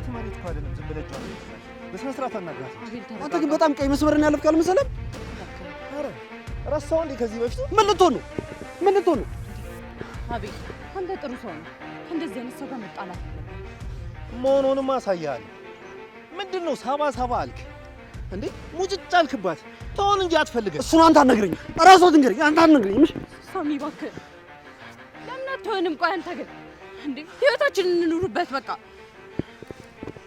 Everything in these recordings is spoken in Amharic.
የአባቱ መሬት እኮ አይደለም። ዝም ብለህ በስነ ስርዓት አናግራት። አንተ ግን በጣም ቀይ መስመርን ያለፍክ አልመሰለም። ኧረ ረሳው እንዴ? ከዚህ በፊቱ ምን ልትሆን ነው? ምን ልትሆን ነው? አቤል አንተ ጥሩ ሰው ነው። ከእንደዚህ አይነት ሰው ጋር መጣላት መሆኑንም አሳያለሁ። ምንድን ነው ሳባ ሳባ አልክ እንዴ? ሙጭጭ አልክባት። ተውን እንጂ አትፈልገን። እሱን አንተ አትነግረኝ፣ ራሷ ትንገረኝ። አንተ አትነግረኝ። ምሽ ሳሚ እባክህ ለምን አትሆንም? ቆይ አንተ ግን እንዴ ህይወታችንን እንኑርበት በቃ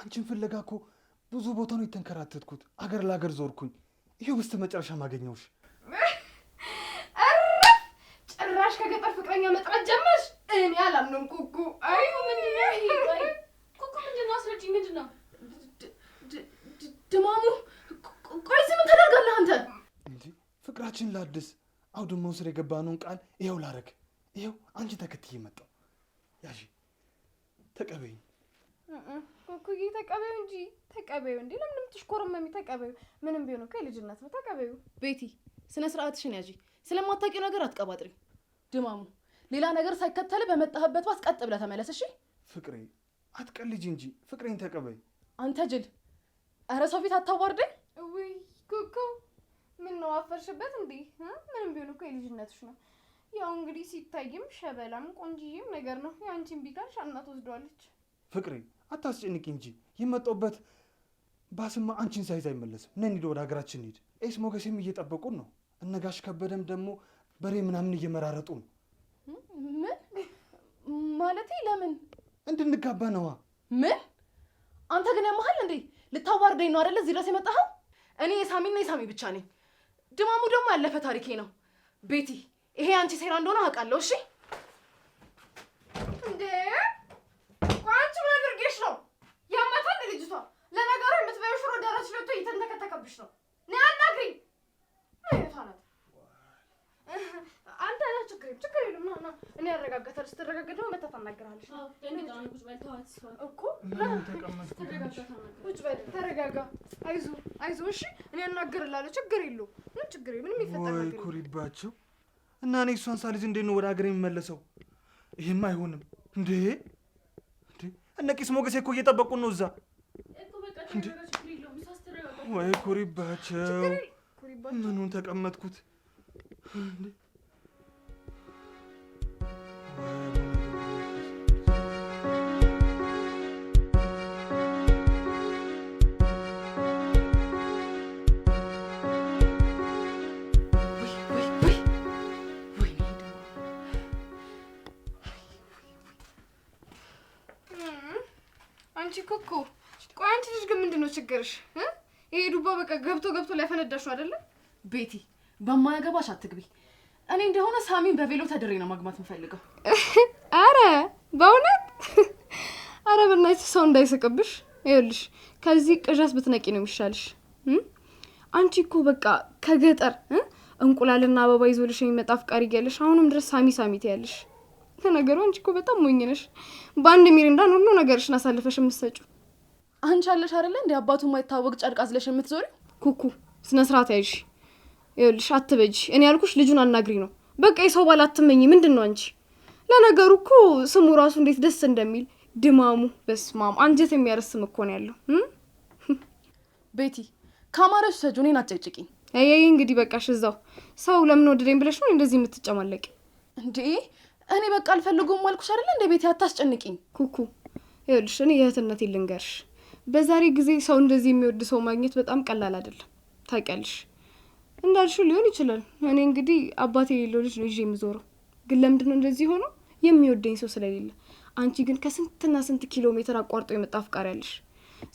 አንቺን ፍለጋ እኮ ብዙ ቦታ ነው የተንከራተትኩት። አገር ለአገር ዞርኩኝ። ይሄው በስተ መጨረሻ ማገኘውሽ። ጭራሽ ከገጠር ፍቅረኛ መጥራት ጀመርሽ? እኔ አላምንም። ኩኩ አይ ኩኩ፣ ምንድን ነው አስረጂ። ምንድን ነው ድማሙ? ቆይ ዝም ምን ታደርጋለህ አንተ? እንዴ? ፍቅራችን ላድስ አውድማ ውስጥ የገባነውን ቃል ይኸው ላረግ። ይኸው አንቺ ተከትዬ መጣሁ። ያሺ ተቀበይኝ። እኩዬ ተቀበዩ እንጂ ተቀበዩ እንዴ! ለምን የምትሽኮረመሚ? ተቀበዩ። ምንም ቢሆን እኮ የልጅነት ነው። ተቀበዩ። ቤቲ ስነ ስርዓትሽን ያዢ። ስለማታውቂው ነገር አትቀባጥሪ። ድማሙ ሌላ ነገር ሳይከተል በመጣህበት ባስ ቀጥ ብለህ ተመለስ። እሺ ፍቅሬ፣ አትቀልጂ እንጂ ፍቅሬን ተቀበዩ። አንተ ጅል! ኧረ ሰው ፊት አታዋርደኝ። ውይ ኩኩ፣ ምን ነው አፈርሽበት እንዴ? ምንም ቢሆን እኮ የልጅነትሽ ነው። ያው እንግዲህ ሲታይም ሸበላም ቆንጂም ነገር ነው። የአንቺን ቢካልሽ እናት ወስደዋለች። ፍቅሬ አታስጨንቂ እንጂ የመጣሁበት ባስማ አንቺን ሳይዝ አይመለስም። ነን ሂዶ ወደ ሀገራችን ሂድ። ኤስ ሞገሴም እየጠበቁን ነው። እነጋሽ ከበደም ደግሞ በሬ ምናምን እየመራረጡ ነው። ምን ማለቴ? ለምን እንድንጋባ ነዋ። ምን አንተ ግን ያመሃል እንዴ? ልታዋርደኝ ነው አደለ? እዚህ ድረስ የመጣኸው? እኔ የሳሚና የሳሚ ብቻ ነኝ። ድማሙ ደግሞ ያለፈ ታሪኬ ነው። ቤቲ፣ ይሄ አንቺ ሴራ እንደሆነ አውቃለሁ። እሺ ራስሽ መጥቶ እየተንተከተከብሽ ነው። ነይ አናግሪኝ። እህቷ ናት። አንተ ና፣ ችግር የለም ችግር የለም ና፣ ና። እኔ ያረጋጋታል። ስትረጋጋ ደግሞ መታ ታናግራለች እኮ። ቁጭ በል ተረጋጋ። አይዞህ አይዞህ። እሺ እኔ ያናግርላለሁ። ችግር የለውም ምንም ችግር የለም ምንም የሚፈጠር ነገር የለም። ኩሪባቸው እና እኔ እሷን ሳልይዝ እንዴት ነው ወደ ሀገር የሚመለሰው? ይሄም አይሆንም እንዴ! እነ ቂስ ሞገሴ እኮ እየጠበቁን ነው እዛ እንዴ ወይ ኩሪባቸው፣ ምኑን ተቀመጥኩት? አንቺ ኮኮ፣ ቆይ አንቺ ልጅ ግን ምንድን ነው ችግርሽ? ይሄ ዱባ በቃ ገብቶ ገብቶ ሊያፈነዳሽው አይደለ? ቤቲ በማያገባሽ አትግቢ። እኔ እንደሆነ ሳሚን በቬሎ ተድሬ ነው ማግባት የምፈልገው። አረ በእውነት አረ በናትሽ ሰው እንዳይስቅብሽ። ይኸውልሽ ከዚህ ቅዠት ብትነቂ ነው የሚሻልሽ። አንቺ እኮ በቃ ከገጠር እንቁላልና አበባ ይዞልሽ የሚመጣ አፍቃሪ እያለሽ አሁንም ድረስ ሳሚ ሳሚ ትያለሽ። ለነገሩ አንቺ እኮ በጣም ሞኝ ነሽ። በአንድ ሚሪንዳን ሁሉ ነገርሽን አሳልፈሽ የምትሰጪው አንቺ አለሽ አይደለ እንዴ አባቱ የማይታወቅ ጨርቅ አዝለሽ የምትዞሪ። ኩኩ ስነ ስርዓት ያይሽ። ይኸውልሽ አትበጅ። እኔ ያልኩሽ ልጁን አናግሪ ነው በቃ። የሰው ባል አትመኝ። ምንድን ነው አንቺ? ለነገሩ እኮ ስሙ ራሱ እንዴት ደስ እንደሚል ድማሙ። በስማም አንጀት የሚያረስም ስም እኮ ነው ያለው። ቤቲ ከአማረሽ ሰጁ እኔን አጨጭቂኝ። ይ እንግዲህ በቃሽ። እዛው ሰው ለምን ወደደኝ ብለሽ ነው እንደዚህ የምትጨማለቂ? እንዴ እኔ በቃ አልፈልጉም አልኩሽ አይደለ እንደ ቤቲ። አታስጨንቂኝ ኩኩ። ይኸውልሽ እኔ የእህትነቴን ልንገርሽ በዛሬ ጊዜ ሰው እንደዚህ የሚወድ ሰው ማግኘት በጣም ቀላል አይደለም። ታውቂያለሽ፣ እንዳልሽው ሊሆን ይችላል። እኔ እንግዲህ አባት የሌለው ልጅ ነው ይዤ የምዞረው። ግን ለምንድነው ነው እንደዚህ ሆኖ የሚወደኝ ሰው ስለሌለ። አንቺ ግን ከስንትና ስንት ኪሎ ሜትር አቋርጦ የመጣ አፍቃሪ ያለሽ።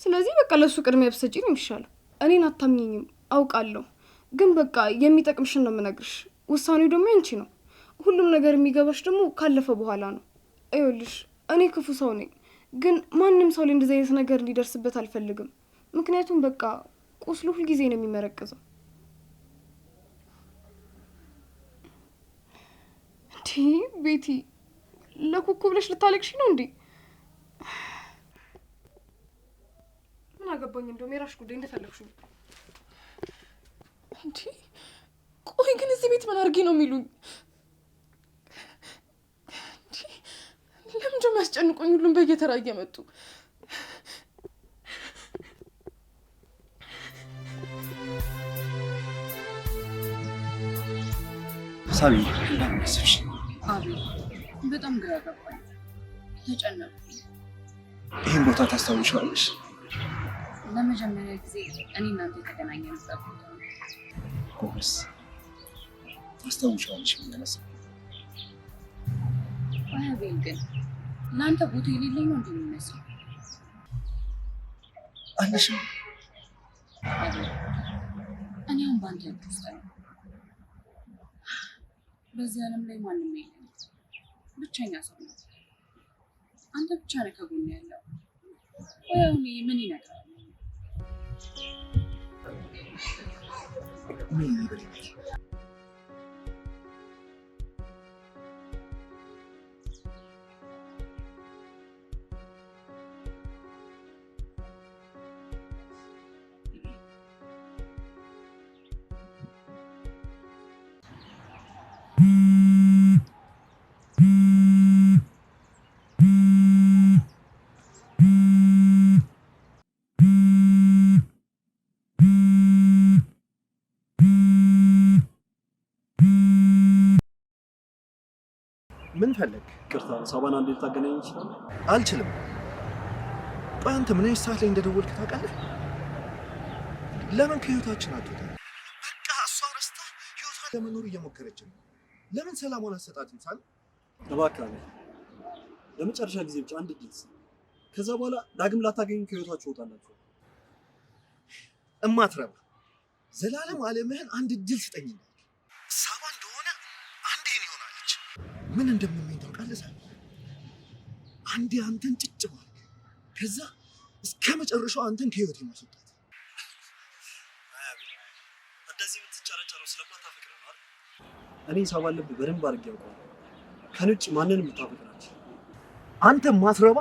ስለዚህ በቃ ለእሱ ቅድሚያ ብትሰጪ ነው የሚሻለው። እኔን አታምኝኝም አውቃለሁ፣ ግን በቃ የሚጠቅምሽን ነው የምነግርሽ። ውሳኔው ደግሞ ያንቺ ነው። ሁሉም ነገር የሚገባሽ ደግሞ ካለፈ በኋላ ነው። ይኸውልሽ እኔ ክፉ ሰው ነኝ ግን ማንም ሰው ላይ እንደዚህ አይነት ነገር እንዲደርስበት አልፈልግም። ምክንያቱም በቃ ቁስሉ ሁልጊዜ ነው የሚመረቅዘው። እንዴ ቤቲ፣ ለኩኩ ብለሽ ልታለቅሽ ነው እንዴ? ምን አገባኝ። እንደውም የራሽ ጉዳይ እንደፈለግሽ። እንዴ ቆይ ግን እዚህ ቤት ምን አድርጌ ነው የሚሉኝ? ሲያስጨንቁኝ ሁሉም በየተራ እየመጡ ሳቢ በጣም ግራ ገባኝ፣ ተጨነኩኝ። ይህን ቦታ ታስታውሻለሽ? ለመጀመሪያ ጊዜ እኔ እናንተ የተገናኘንበት ቦታ ጎበስ። ታስታውሻለሽ? ምንነሳ አቤል ግን ለአንተ ቦታ የሌለኝ ነው እንደሚመስለው አለሽ። እኔ አሁን በአንተ ያልኩ ውስጥ ነው። በዚህ ዓለም ላይ ማንም የለም፣ ብቸኛ ሰው ነው። አንተ ብቻ ነህ ከጎን ያለው። ወይ አሁን ምን ይነግራል? ምን ይነግራል? ምን ፈለግ? ቅርታ ሳባን አንዴ ልታገናኝ ይችላል? አልችልም። ቆይ አንተ ምን አይነት ሰዓት ላይ እንደደወልክ ታውቃለህ? ለምን ከህይወታችን አትወጣ? በቃ እሷ ረስታ ህይወቷ ለመኖር እየሞከረች ነው። ለምን ሰላሟን አሰጣት? እንሳል ተባካለ ለመጨረሻ ጊዜ ብቻ አንድ ጊዜ፣ ከዛ በኋላ ዳግም ላታገኙ ከህይወታችሁ ወጣላችሁ። እማትረባ ዘላለም አለምህን አንድ ድል ስጠኝ ምን እንደምመኝ ታውቃለህ? አንዴ አንተን ጭጭ ማለት ከዛ እስከ መጨረሻው አንተን ከህይወት ማስወጣት። እንደዚህ የምትጨረጨረው ስለማታፈቅር ነው አይደል? እኔ ሳባን በደንብ አድርጌ ያውቀዋል። ከእኔ ውጭ ማንን የምታፈቅራት አንተ ማትረባ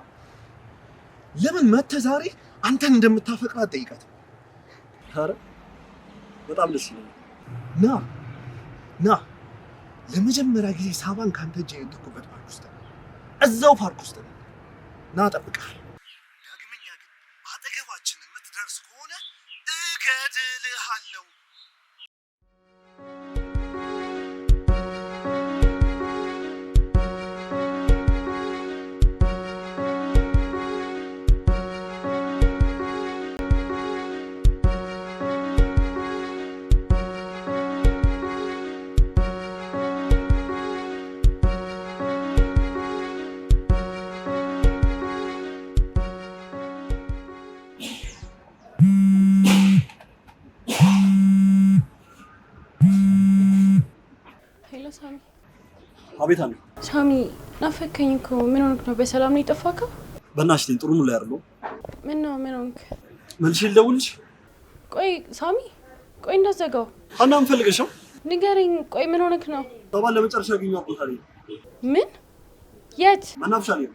ለምን መተህ ዛሬ አንተን እንደምታፈቅር ጠይቃት። ኧረ በጣም ደስ ይለኛል። ና ና ለመጀመሪያ ጊዜ ሳባን ካንተ እጅ የነጠቁበት ፓርክ ውስጥ ነው። እዛው ፓርክ ውስጥ ነው እና ጠብቃል። አቤት አንዱ ሳሚ ናፈከኝ እኮ ምን ሆንክ ነው? በሰላም ነው የጠፋከው? በእናትሽ ነኝ ጥሩ ምን ላይ አይደለሁም። ምን ነው ምን ሆንክ? መልሼ ልደውልልሽ። ቆይ ሳሚ ቆይ እንዳትዘጋው እና ምን ንገረኝ። ቆይ ምን ሆንክ ነው? ባባ ለመጨረሻ ያገኘኋት ቦታ ላይ ምን? የት? መናፈሻ ላይ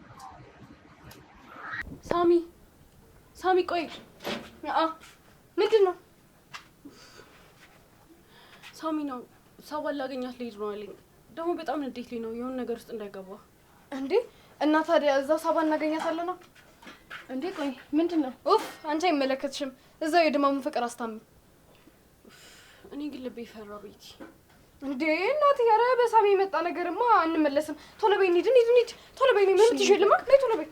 ሳሚ ሳሚ ቆይ አ ምንድን ነው ሳሚ ነው ሰው ላገኛት ልሄድ ነው አለኝ ደግሞ በጣም ንዴት ላይ ነው። የሆነ ነገር ውስጥ እንዳይገባ እንዴ። እና ታዲያ እዛው ሳባ ነው እንዴ። ቆይ ምንድን ነው? ኡፍ አንቺ አይመለከትሽም። እዛው የድማሙን ፍቅር አስታም። እኔ ግን ልቤ ፈራ። ቤቲ እንዴ እናት ያረ በሳሚ የመጣ ነገርማ አንመለስም። ቶሎ በይ እንሂድ፣ እንሂድ፣ እንሂድ። ቶሎ በይ ነው ምንም ትሽልማ ነይ ቶሎ በይ።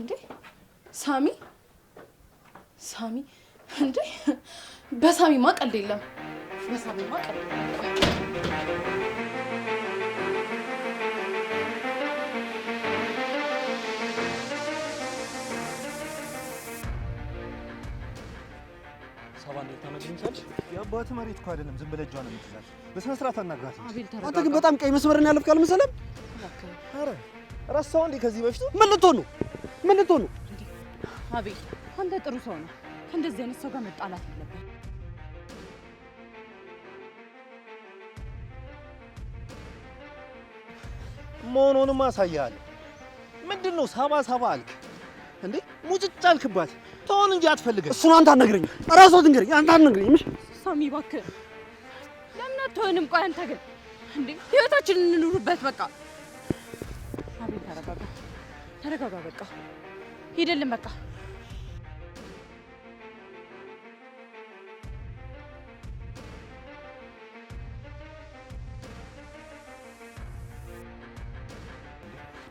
እንዴ ሳሚ ሳሚ እንዴ በሳሚ ቀልድ የለም። በሳሚ ቀልድ የለም። አዲስ የአባት መሬት እኮ አይደለም ዝም ብለህ እጇን የምትይዛት በስነ ስርዓት አናግራት። አንተ ግን በጣም ቀይ መስመርን ያለፍክ አልመሰለም። ኧረ እንዴ? ከዚህ በፊቱ ምን ልትሆን ምን ልትሆን አቤል አንተ ጥሩ ሰው ነው። ከእንደዚህ አይነት ሰው ጋር መጣላት አለብን። መሆኑንም አሳያለሁ። ምንድን ነው ሳባ ሳባ አልክ እንዴ? ሙጭጭ አልክባት ተሆን እንጂ አትፈልገኝ። እሱን አንተ አትነግረኝ፣ ራስህ ትንገረኝ። አንተ አትነግረኝ። እሺ ሳሚ እባክህ ለምን አትሆንም? ቆይ አንተ ግን እንዴ ህይወታችንን እንኑርበት። በቃ አቤት፣ ተረጋጋ፣ ተረጋጋ። በቃ ሂደልን በቃ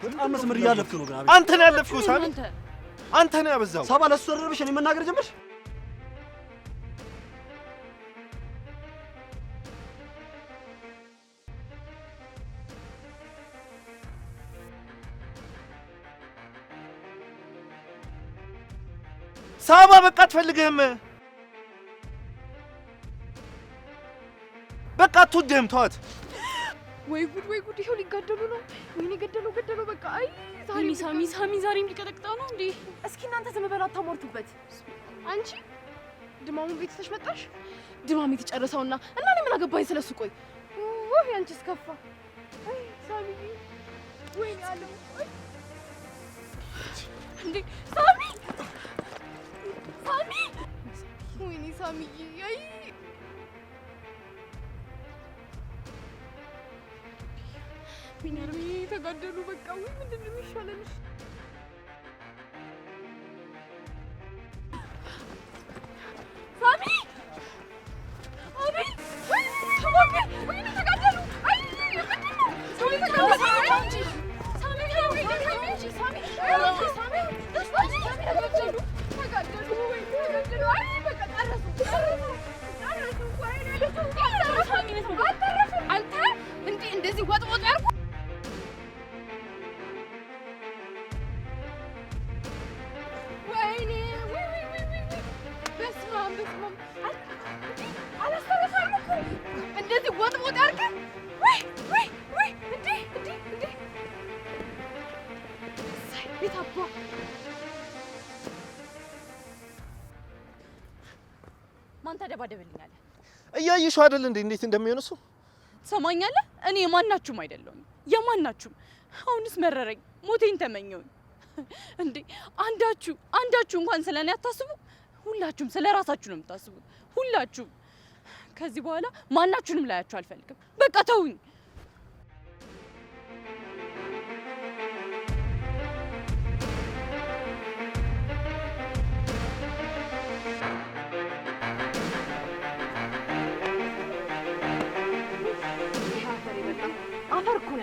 በጣም መስመር እያለፍክ ነው። ግን አንተ ያለፍከው ሳሚ አንተ ነው ያበዛው። ሳባ ለሱ ረብሽ እኔ መናገር ጀመርሽ። ሳባ በቃ አትፈልግህም፣ በቃ አትወድህም። ተዋት። ወይ ጉድ ወይ ጉድ! ይኸው ሊጋደሉ ነው። ወይኔ ገደለው ገደለው! በቃ አይ ሳሚ ሳሚ ሳሚ ዛሬም ሊቀጠቅጠው ነው እንዴ! እስኪ እናንተ ዝም በሉ አታሟርቱበት። አንቺ ድማሙን ቤት ትተሽ መጣሽ? ድማም የተጨረሰውና እና እኔ ምን አገባኝ ስለሱ? ቆይ ወይ አንቺ ስከፋ አይ ሳሚ ወይ ያለ እንዴ ሳሚ ሳሚ ወይኔ ሳሚዬ አይ ያልኩኛል ወይ ተጋደሉ። በቃ ወይ ምንድን ነው የሚሻለንሽ? ሳሚ ማን ተደባደበልኛል? እያየሽ አይደል እንዴ እንዴት እንደሚሆን እሱ። ትሰማኛለህ? እኔ የማናችሁም አይደለሁም የማናችሁም። አሁንስ መረረኝ፣ ሞቴን ተመኘሁኝ። እንዴ አንዳችሁ አንዳችሁ እንኳን ስለ እኔ አታስቡ። ሁላችሁም ስለ ራሳችሁ ነው የምታስቡት። ሁላችሁም ከዚህ በኋላ ማናችሁንም ላያችሁ አልፈልግም። በቃ ተውኝ።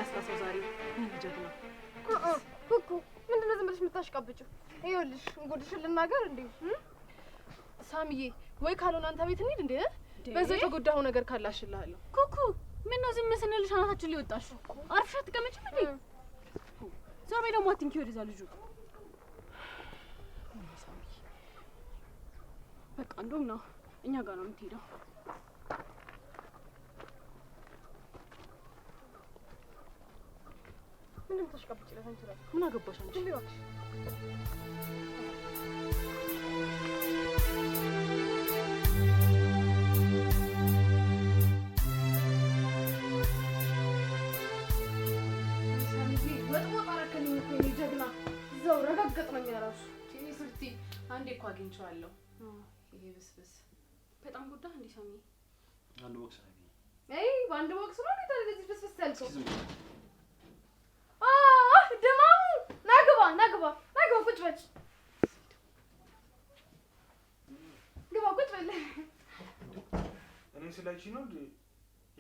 ያስታሰው ዛሬ ጀግና ኩኩ ምንድነው ዝም ብለሽ የምታሽቃብጪው? ይኸውልሽ ጉድሽን ልናገር እንዴ ሳሚዬ፣ ወይ ካልሆነ አንተ ቤት እንሂድ እንዴ በዛ የተጎዳኸው ነገር ካላሽልሃለሁ። ኩኩ ምን ነው ዝም ስንልሽ አናታችን ሊወጣሽ አርፈሽ አትቀመጭም እንዴ? ዛሬ ደግሞ አትንኪ ወደዛ ልጁ በቃ እንደውም ና እኛ ጋር ነው የምትሄደው። ምንም ተሽቀብጭለት አንችላል። ምን አገባሽ አንቺ? እባክሽ ጀግና እዛው ረጋገጥ አንዴ እኮ አግኝቼዋለሁ። ይሄ ብስብስ በጣም ጉዳ እንዲ ሰሚ አንድ ቦክስ ነው። አይ በአንድ ቦክስ ነው እንደዚህ ብስብስ ያልከው ና ግባ፣ ና ግባ፣ ቁጭ በል ግባ፣ ቁጭ በል። ነው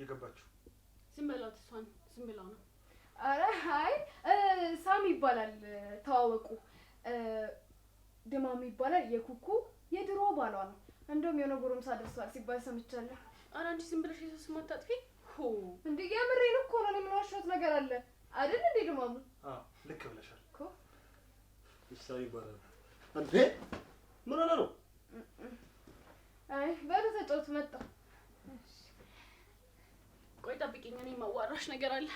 የገባችው። ዝም በላት፣ እሷን ዝም ብላው ነው። አይ ሳሚ ይባላል፣ ተዋወቁ። ድማሚ ይባላል፣ የኩኩ የድሮ ባሏ ነው። እንደውም የሆነ ጎረምሳ ደርሷል ሲባል ሰምቻለሁ። አንቺ ዝም ብለሽ የሰው ስም አታጥፊ እንዴ! የምሬን እኮ ነው። ነገር አለ አይደል? እንዴ ድማሙ፣ ልክ ብለሻል ይሳይ ይባላል። አንተ ምን ሆነ ነው? አይ በሩ ተጫወት መጣ። ቆይ ጠብቂኝ፣ እኔ የማዋራሽ ነገር አለ።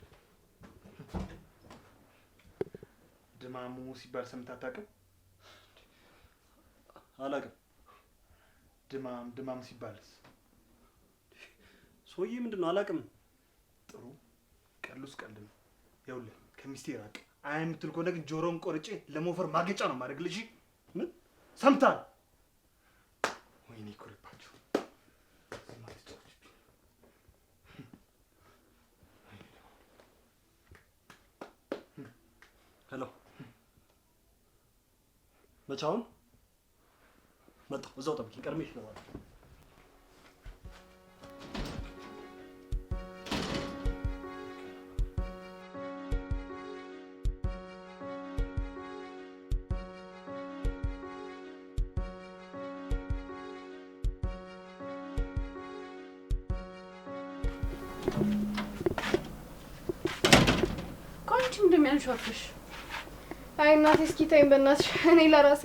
ድማሙ ሲባል ሰምተህ አታውቅም? አላውቅም። ድማም ድማም ሲባልስ? ሰውዬ ምንድን ነው? አላውቅም። ጥሩ ቀልስ ቀልድ ነው። ይኸውልህ ከሚስቴ ራቅ አይ የምትል ከሆነ ግን ጆሮን ቆርጬ ለሞፈር ማገጫ ነው ማድረግ። ልጅ ምን ሰምታል? ወይኔ ይኮርባችሁ። ሄሎ መቻውን መጣሁ። እዛው ጠብቂኝ፣ ቀድሜሽ ነው እንደሚያንሾርፍሽ? አይ እናቴ እስኪ ተይኝ በእናትሽ። እኔ ለራሴ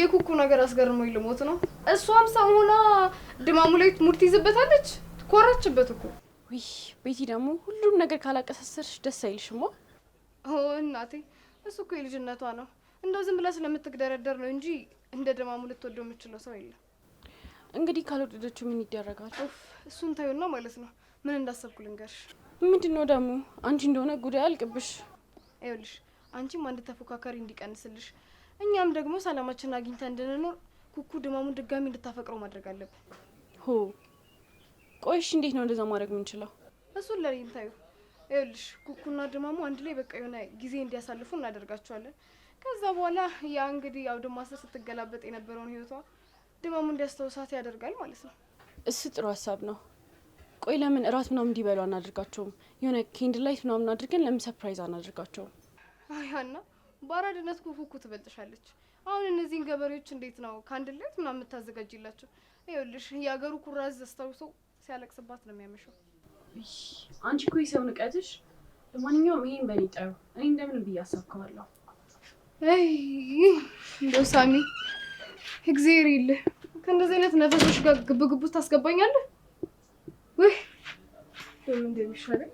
የኩኩ ነገር አስገርሞኝ ልሞት ነው። እሷም ሰው ሆና ድማሙ ላይ ሙድ ትይዝበታለች። ኮራችበት እኮ። ውይ ቤቲ ደግሞ ሁሉም ነገር ካላቀሳሰርሽ ደስ አይልሽማ። እናቴ እሱ እኮ የልጅነቷ ነው። እንደው ዝም ብላ ስለምትግደረደር ነው እንጂ እንደ ድማሙ ልትወደው የምችለው ሰው የለም። እንግዲህ ካልወደደችው ምን ይደረጋል? እሱን ታዩና ማለት ነው። ምን እንዳሰብኩ ልንገርሽ። ምንድን ነው ደግሞ አንቺ እንደሆነ ጉዳይ አልቅብሽ ይኸውልሽ አንቺም አንድ ተፎካካሪ እንዲቀንስልሽ እኛም ደግሞ ሰላማችን አግኝታ እንድንኖር ኩኩ ድማሙን ድጋሚ እንድታፈቅረው ማድረግ አለብን። ሆ ቆይሽ፣ እንዴት ነው እንደዛ ማድረግ የምንችለው? እሱን ለኔን ታዩ። ይኸውልሽ ኩኩና ድማሙ አንድ ላይ በቃ የሆነ ጊዜ እንዲያሳልፉ እናደርጋቸዋለን። ከዛ በኋላ ያ እንግዲህ አውድማ ስር ስትገላበጥ የነበረውን ህይወቷ ድማሙ እንዲያስታውሳት ያደርጋል ማለት ነው። እሱ ጥሩ ሀሳብ ነው። ቆይ ለምን እራት ምናምን እንዲበሉ አናደርጋቸውም የሆነ ኬንድ ላይት ምናምን አድርገን ለምን ሰፕራይዝ አናደርጋቸውም? አያና በአራድነት ኩኩኩ ትበልጥሻለች። አሁን እነዚህን ገበሬዎች እንዴት ነው ከአንድ ላይት ምናምን የምታዘጋጅላቸው? ይኸውልሽ የሀገሩ ኩራዝ አስታውሶ ሲያለቅስባት ነው የሚያመሸው። አንቺ እኮ የሰው ንቀትሽ። ለማንኛውም ይሄን በኔ እኔ እንደምን ብዬ አሳካዋለሁ። እንደ ሳሚ እግዜር ይልህ ከእንደዚህ አይነት ነፈሶች ጋር ግብግቡ ታስገባኛለህ። Görün demiş hani.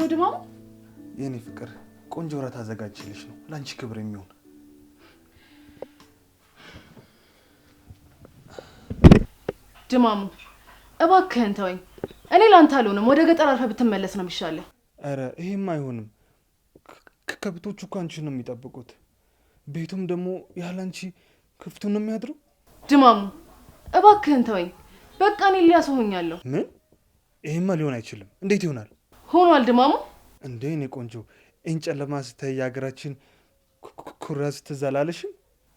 ነው ድማሙ? የእኔ ፍቅር ቆንጆ እራት አዘጋጅልሽ ነው ለአንቺ ክብር የሚሆን ድማሙ እባክህን ተወኝ። እኔ ለአንተ አልሆንም። ወደ ገጠር አልፈ ብትመለስ ነው የሚሻለው። ኧረ ይሄም አይሆንም። ከብቶቹ እኮ አንቺን ነው የሚጠብቁት። ቤቱም ደግሞ ያለ አንቺ ክፍቱን ነው የሚያድረው። ድማሙ እባክህን ተወኝ። በቃ እኔ ሊያስሆኛለሁ። ምን? ይሄማ ሊሆን አይችልም። እንዴት ይሆናል? ሆኗል ድማሙ። እንዴ እኔ ቆንጆ ይህን ጨለማ ስታይ የሀገራችን ኩራዝ ትዘላለሽ። አየ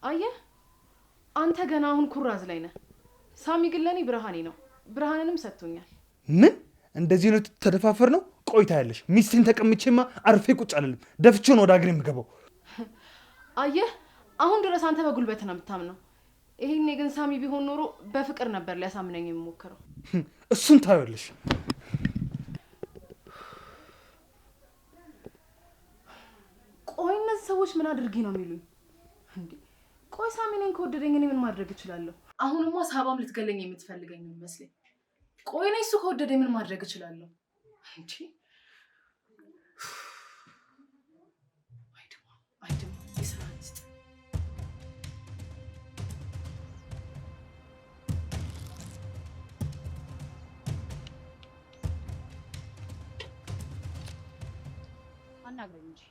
አየህ አንተ ገና አሁን ኩራዝ ላይ ነህ። ሳሚ ግን ለእኔ ብርሃኔ ነው፣ ብርሃንንም ሰጥቶኛል። ምን እንደዚህ ነው ተደፋፈር ነው? ቆይታ ያለሽ ሚስቴን ተቀምቼማ አርፌ ቁጭ አልልም። ደፍቼውን ወደ ሀገር የምገባው። አየህ አሁን ድረስ አንተ በጉልበት ነው የምታምነው። ይሄኔ ግን ሳሚ ቢሆን ኖሮ በፍቅር ነበር ሊያሳምነኝ የሚሞክረው። እሱን ታዩልሽ ቆይ እነዚህ ሰዎች ምን አድርጊ ነው የሚሉኝ? እንዴ ቆይ ሳሚኔን ከወደደኝ እኔ ምን ማድረግ እችላለሁ? አሁንማ ሳባም ልትገለኝ የምትፈልገኝ የሚመስለኝ። ቆይ እኔ እሱ ከወደደ ምን ማድረግ እችላለሁ? እንዴ አናግረኝ እንጂ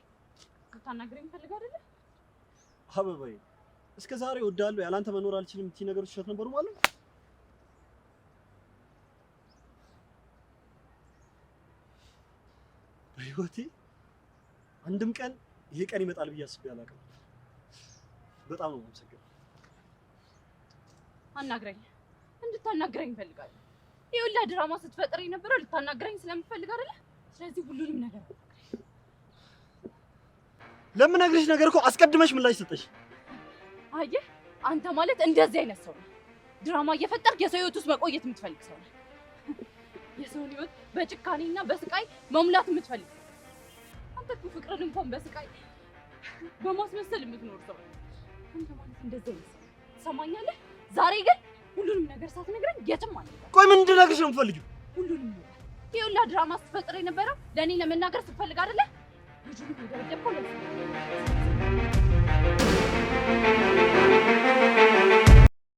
ልታናግረኝ ፈልግ አይደለ? አበባዬ እስከ ዛሬ ያላንተ መኖር አልችልም የምትይ ነገሮች ነበሩ ማለት ነው? በህይወቴ አንድም ቀን ይሄ ቀን ይመጣል ብዬ አስቤ አላውቅም። በጣም ነው የማመሰግነው። አናግረኝ፣ እንድታናግረኝ እፈልጋለሁ። ይኸውልህ ድራማ ስትፈጥር የነበረው ልታናግረኝ ስለምትፈልግ አይደለ? ስለዚህ ሁሉንም ነገር ለምነግርሽ ነገር እኮ አስቀድመሽ ምላሽ ሰጠሽ። አየህ አንተ ማለት እንደዚህ አይነት ሰው ነው። ድራማ እየፈጠርክ የሰው ህይወት ውስጥ መቆየት የምትፈልግ ሰው ነው። የሰውን ህይወት በጭካኔና በስቃይ መሙላት የምትፈልግ ሰው አንተ እኮ ፍቅርን እንኳን በስቃይ በማስመሰል የምትኖር ሰው ነው። አንተ ማለት እንደዚህ አይነት ሰው ትሰማኛለህ። ዛሬ ግን ሁሉንም ነገር ሳትነግረን የትም አለ። ቆይ ምን እንድነግርሽ ነው የምፈልጊው? ሁሉንም ይኸውልህ፣ ድራማ ስትፈጥር የነበረው ለእኔ ለመናገር ስትፈልግ Жінки, я полюсь.